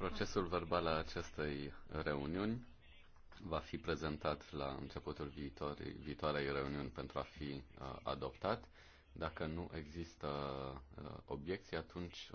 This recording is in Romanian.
Procesul verbal al acestei reuniuni va fi prezentat la începutul viitorii, viitoarei reuniuni pentru a fi uh, adoptat. Dacă nu există uh, obiecții, atunci